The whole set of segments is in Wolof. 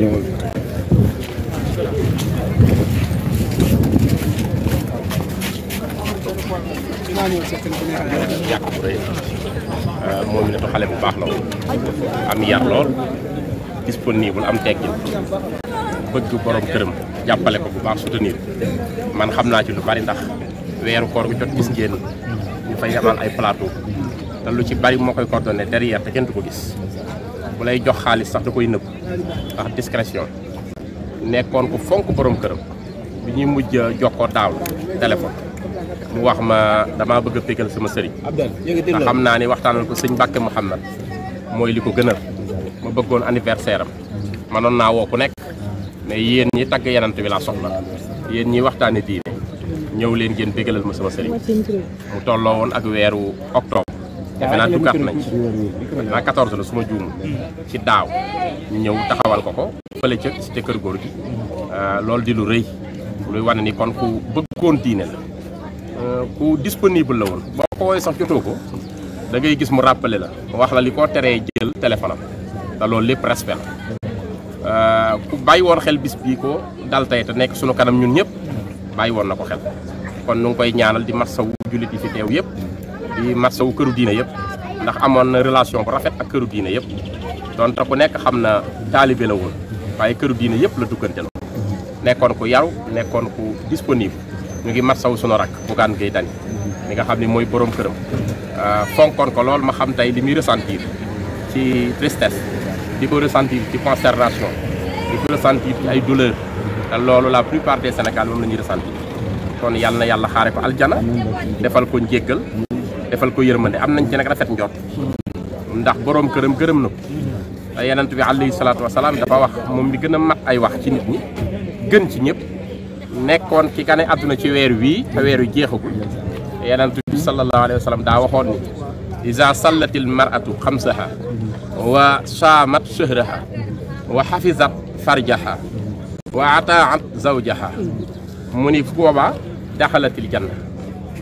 moom mi ne xale bu baax la woon am yar lool disponible am teggin bëgg borom këram jàppale ko bu baax soutenir man xam naa ci lu bari ndax weeru koor gu jot gis ngeen ñu fay yamal ay plateau te lu ci bari moo koy coordonné te kenn ko gis bu lay jox xaalis sax da koy nëbb ndax discrétion nekkoon ku fonk borom këram bi ñuy mujj jokkoo daaw téléphone mu wax ma damaa bëgg a pégal sama sëriñ ndax xam naa ni waxtaanal ko sëñ Mbàkke Muhammad mooy li ko gënal ma bëggoon anniversaire am manoon naa woo ku nekk mais yéen ñi tagg yenant bi laa soxla yéen ñi waxtaane diine ñëw leen ngeen bégalal ma sama sëriñ mu tolloo woon ak weeru octobre defe naa duggaat nañ ci naa 14 la su ma ci daaw ñu ñëw taxawal ko ko fële ca cité kër góor gi euh, loolu di lu rëy luy wane ni kon ku bëggoon diine la euh, ku disponible la woon boo ko woowee jotoo ko dangay gis mu ràppale la wax la li ko teree jël téléphone te loolu lépp respect la euh, ku bàyyi woon xel bis bii ko dal tey te nekk sunu kanam ñun ñëpp bàyyi woon na ko xel kon nu ngi koy ñaanal di masawu jullit yi fi teew yëpp di marsawu këru diine yëpp ndax amoon na relation bu rafet ak këru diine yëpp donte ku nekk xam na taalibe la woon waaye këru diine yëpp la duggante la nekkoon ku yaru nekkoon ku disponible ñu ngi marsawu sunu rakk Bougane Gueye Dany mi nga xam ne mooy boroom këram euh, fonkoon ko lool ma xam tey li muy ressentir ci tristesse di ko ressentir ci consternation di ko ressentir ci ay douleur loolu la plupart des Sénégal moom la ñuy ressentir kon yàlla yàlla xaare ko defal ko yërmande am nañ ci nag rafet njort ndax boroom këram gërëm na te yenent bi alayhi salaatu wasalaam dafa wax moom li gën a mat ay wax ci nit ñi gën ci ñëpp nekkoon ki gane àdduna ci weer wii te weer wi jeexagul yenent bi sallallahu alayhi wa daa waxoon ni iza sallatil mar'atu xamsaha wa saamat shahraha wa xafizat farjaha wa ataat zawjaha mu ni boobaa daxalatil janna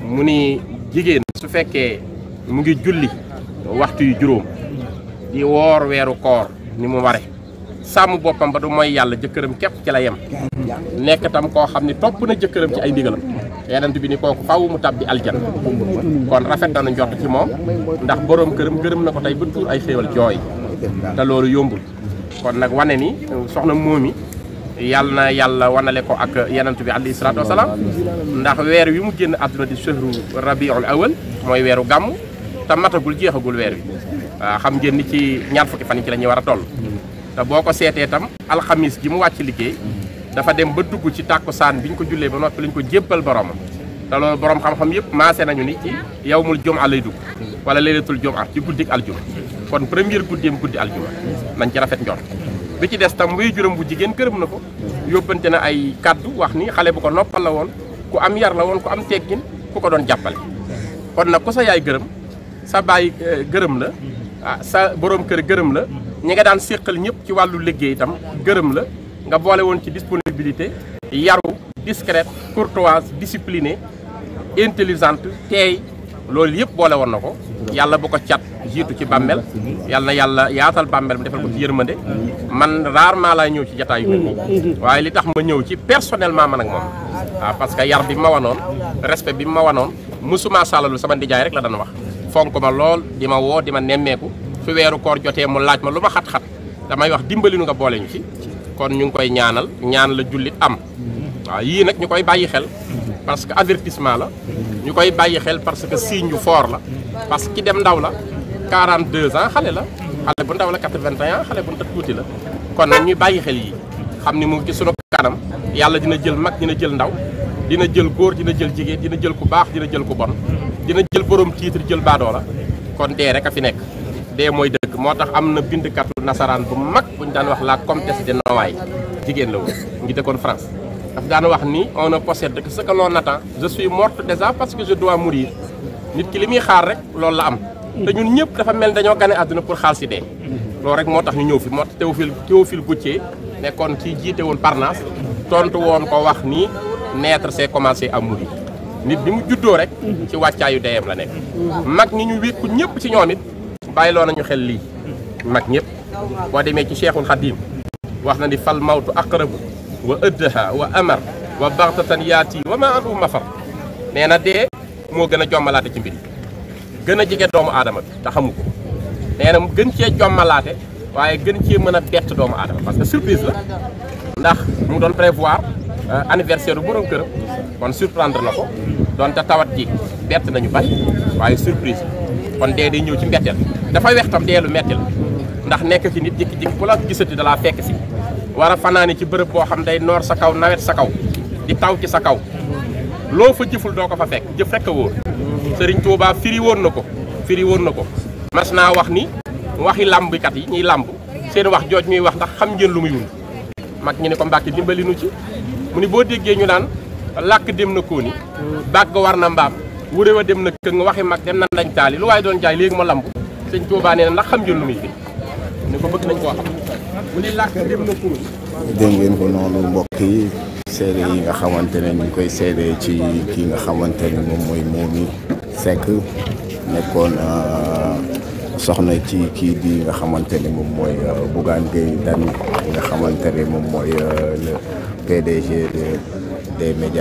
mu ni jigéen su fekkee mu ngi julli waxtu yu juróom di woor weeru koor ni mu ware sàmm boppam ba du mooy yàlla jëkkëram kepp ci la yem nekk tam koo xam ne topp na jëkkëram ci ay ndigalam yenent bi ni kooku faw mu tabbi aljanna kon rafet na njort ci moom ndax boroom këram gërëm na ko tey ba tuur ay xéewal jooy te loolu yombul kon nag wane ni soxna moomi yàlla na yàlla wanale ko ak yenant bi alayhi salaatu wasalaam ndax weer wi mu génn àdduna di shahru rabiul awal mooy weeru gàmmu te matagul jeexagul weer wi waaw xam ngeen ni ci ñaar fukki fan yi ci la ñuy war a toll te boo ko seetee itam alxamis ji mu wàcc liggéey dafa dem ba dugg ci saan bi ñu ko jullee ba noppi la ko jébbal boromam te loolu borom xam-xam yëpp maase nañu ni ci yawmul jumaa lay dugg wala laylatul jumaa ci guddik aljuma kon première guddeem guddi aljuma nañ ci rafet njort bi ci des tam wéy juróom bu jigéen gërëm na ko yóbbante na ay kàddu wax ni xale bu ko noppal la woon ku am yar la woon ku am teggin ku ko doon jàppale kon nag ku sa yaay gërëm sa baay eh, gërëm la ah sa borom kër gërëm la ñi nga daan séqal ñëpp ci wàllu liggéey itam gërëm la nga boole woon ci disponibilité yaru discrète courtoise disciplinée intelligente teey loolu yëpp boole woon na ko yàlla bu ko cat jiitu ci bàmmel yàlla yàlla yaatal bàmmel bi defal ko ci yërmande man rarement laay ñëw ci jataay yu waaye li tax ma ñëw ci personnellement ma ak moom waaw parce que yar bi ma wanoon respect bi ma wanoon musuma sàllalu sama ndijaay rek la daan wax fonk ma lool di ma woo di ma nemmeeku su weeru koor jotee mu laaj ma lu ma xat-xat damay wax dimbali nga boole ñu ci kon ñu ngi koy ñaanal ñaan la jullit am waaw yii nag ñu koy bàyyi xel parce que avertissement la ñu koy bàyyi xel parce que signe yu foor la parce que ki dem ndaw la 42 ans xale la xale bu ndaw la 81 ans xale bu ndaw tuuti la kon nag ñuy bàyyi xel yi xam ni mu ngi ci sunu kanam yàlla dina jël mag dina jël ndaw dina jël góor dina jël jigéen dina jël ku baax dina jël ku bon dina jël borom titre jël baadoo la kon dee rek a fi nekk dee mooy dëgg moo tax am na bindkatu nasaraan bu mag bu ñu daan wax la comtesse de Noailles jigéen la woon ngi dëkkoon France daf daan wax ni on ne possède que ce je suis morte déjà parce que je dois mourir nit ki li muy xaar rek loolu la am te ñun ñëpp dafa mel ni dañoo gane àdduna pour xaalis si dee loolu rek moo tax ñu ñëw fi moo tax Théophile Théophile Gautier nekkoon ci jiite woon Parnasse tontu woon ko wax ni naître see commencer à mourir nit bi mu juddoo rek ci wàccaayu deyam la nekk mag ñi ñu wékku ñëpp ci ñoom bàyyi loo nañu xel lii mag ñëpp boo demee ci Cheikhul Khadim wax na ni fal mawtu aqrabu wa ëddha wa amar wa baxtatan yaati wa ma andu mafar nee na dee moo gën a jommalaate ci mbir yi gën a jege doomu aadama bi te ko nee na gën cee jommalaate waaye gën cee mën a bett doomu aadama parce que surprise la ndax mu doon prévoir euh, anniversaire bu borom këram kon surprendre na ko doonte tawat ji bett nañu bari waaye surprise kon dee day ñëw ci mbetteel dafa wex tam dee lu metti la ndax nekk ci nit jékki-jékki ku la gisati dalaa fekk si wara a fanaani ci bërëb boo xam day noor sa kaw nawet sa kaw di taw ci sa kaw loo fa jëful doo ko fa fekk jëf fekk wóor Serigne Touba firi woon na ko firi woon na ko mas naa wax ni waxi làmbikat yi ñuy làmb seen wax jooj ñuy wax ndax xam ngeen lu muy wund mag ñu ne ko Mbàkke dimbali nu ci mu ni boo déggee ñu naan làkk dem na koo kóoni bàgg war na mbaam wuré wa dem na kë nga waxi mag dem na ndañ taali lu waaye doon jaay léegi ma lamb Sëñ Tuubaa nee na ndax xam ngeen lu muy firi ko bëgg nañ koo xam dégg ngeen ko noonu mbokk yi seede yi nga xamante ñu koy seede ci kii nga xamante moom mooy Momy Seck nekkoon euh, soxna ci kii di nga xamante moom mooy euh, Bougane Gueye Dany nga xamante moom mooy euh, PDG des médias